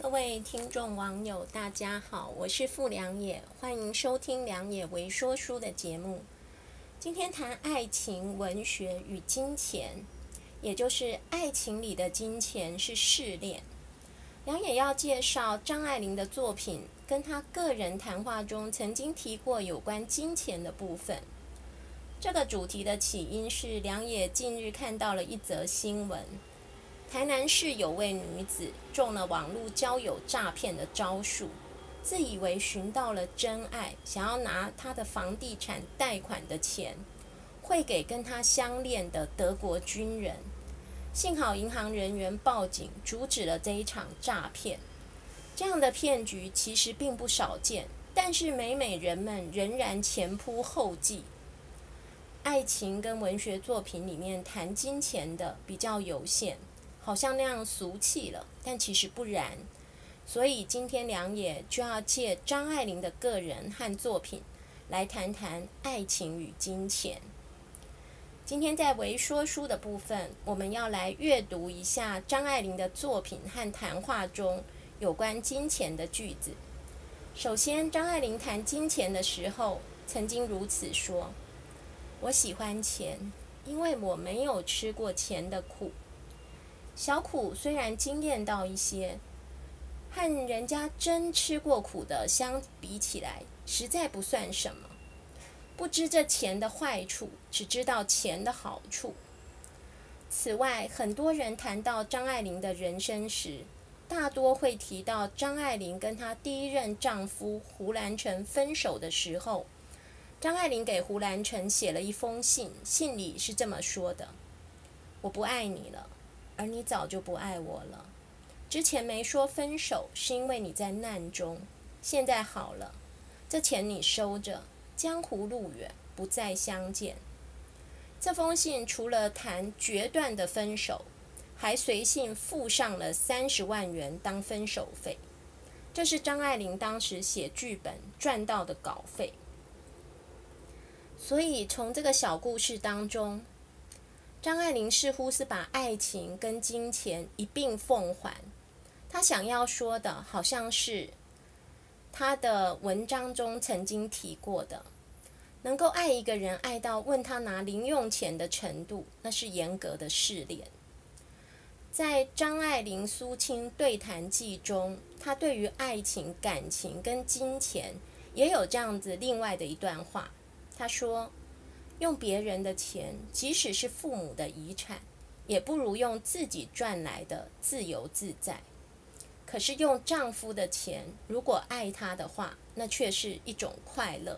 各位聽眾網友，大家好，我是傅良也，歡迎收聽《良也微說書》的節目。今天談愛情、文學與金錢，也就是愛情裡的金錢是試煉。良也要介紹張愛玲的作品，跟她個人談話中曾經提過有關金錢的部分。這個主題的起因是良也近日看到了一則新聞。台南市有位女子中了網絡交友詐騙的招數，自以為尋到了真愛，想要拿她的房地產貸款的錢，匯給跟她相戀的德國軍人。幸好銀行人員報警，阻止了這一場詐騙。這樣的騙局其實並不少見，但是每每人們仍然前仆後繼。愛情跟文學作品裡面談金錢的比較有限。好像那樣俗氣了，但其實不然。所以今天良也就要借張愛玲的個人和作品，來談談愛情與金錢。今天在微說書的部分，我們要來閱讀一下張愛玲的作品和談話中有關金錢的句子。首先，張愛玲談金錢的時候，曾經如此說：“我喜歡錢，因為我沒有吃過錢的苦。”小苦雖然經驗到一些，和人家真吃過苦的相比起來，實在不算什麼。不知道錢的壞處，只知道錢的好處。此外，很多人談到張愛玲的人生時，大多會提到張愛玲跟她第一任丈夫胡蘭成分手的時候，張愛玲給胡蘭成寫了一封信，信裡是這麼說的：“我不愛你了。”而你早就不愛我了，之前沒說分手，是因為你在難中。現在好了，這錢你收着。江湖路遠，不再相見。這封信除了談決斷的分手，還隨信附上了三十萬元當分手費，這是張愛玲當時寫劇本賺到的稿費。所以從這個小故事當中。張愛玲似乎，是把愛情跟金錢一併奉還，她想要說的，好像是她的文章中曾經提過的，能夠愛一個人愛到問他拿零用錢的程度，那是嚴格的試煉。在張愛玲蘇青對談記中，她對於愛情、感情跟金錢也有這樣子另外的一段話，她說。用別人的錢，即使是父母的遺產，也不如用自己賺來的自由自在。可是用丈夫的錢，如果愛他的話，那卻是一種快樂。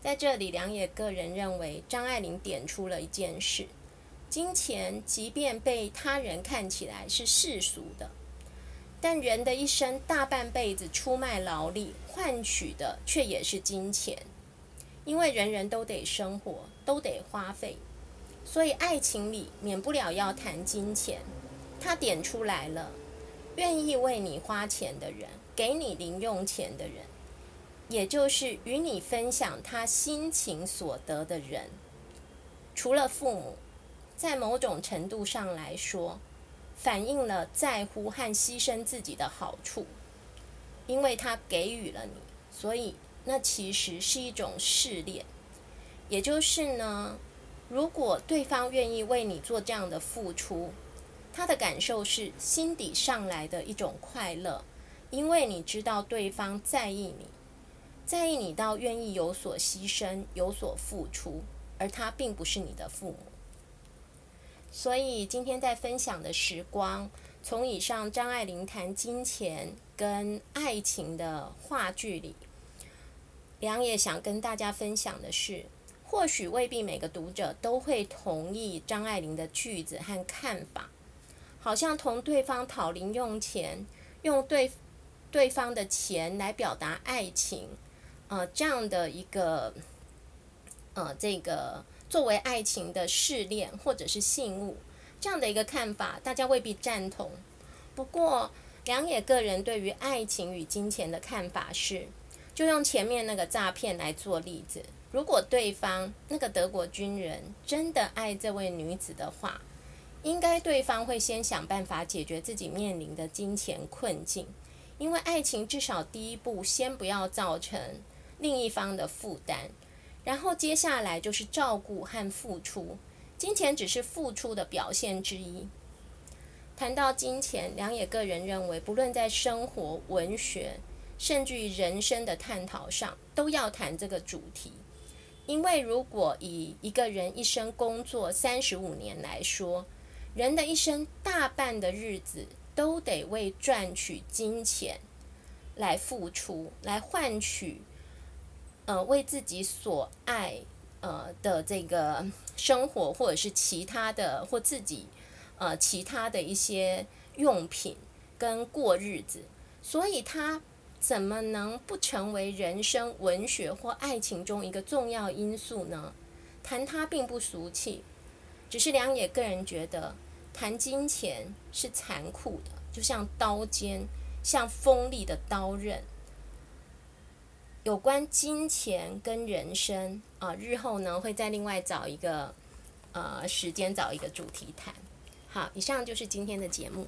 在這裡，良也個人認為，張愛玲點出了一件事：金錢即便被他人看起來是世俗的，但人的一生大半輩子出賣勞力換取的，卻也是金錢。因為人人都得生活，都得花費，所以愛情裡免不了要談金錢。她點出來了，願意為你花錢的人，給你零用錢的人，也就是與你分享他辛勤所得的人，除了父母，在某種程度上來說，反映了在乎和犧牲自己的好處，因為他給予了你，所以。那其實是一種試煉，也就是呢，如果對方願意為你做這樣的付出，他的感受是心底上來的一種快樂，因為你知道對方在意你，在意你到願意有所犧牲、有所付出，而他並不是你的父母。所以今天在分享的時光，從以上張愛玲談金錢跟愛情的話劇裡。良也想跟大家分享的是，或許未必每個讀者都會同意張愛玲的句子和看法，好像同對方討零用錢，用對對方的錢來表達愛情，呃，這樣的一個呃，這個作為愛情的試煉或者是信物，這樣的一個看法，大家未必贊同。不過，良也個人對於愛情與金錢的看法是，就用前面那個詐騙來做例子，如果對方那個德國軍人真的愛這位女子的話，應該對方會先想辦法解決自己面臨的金錢困境，因為愛情至少第一步先不要造成另一方的負擔，然後接下來就是照顧和付出，金錢只是付出的表現之一。談到金錢，良也個人認為，不論在生活、文學，甚至於人生的探討上，都要談這個主題，因為如果以一個人一生工作三十五年來說，人的一生大半的日子都得為賺取金錢來付出，來換取，呃，為自己所愛呃的這個生活，或者是其他的或自己呃其他的一些用品跟過日子，所以他。怎麼能不成為人生、文學或愛情中一個重要因素呢？談它並不俗氣，只是良也個人覺得，談金錢是殘酷的，就像刀尖，像鋒利的刀刃。有關金錢跟人生啊、呃，日後呢會再另外找一個呃時間找一個主題談。好，以上就是今天的節目。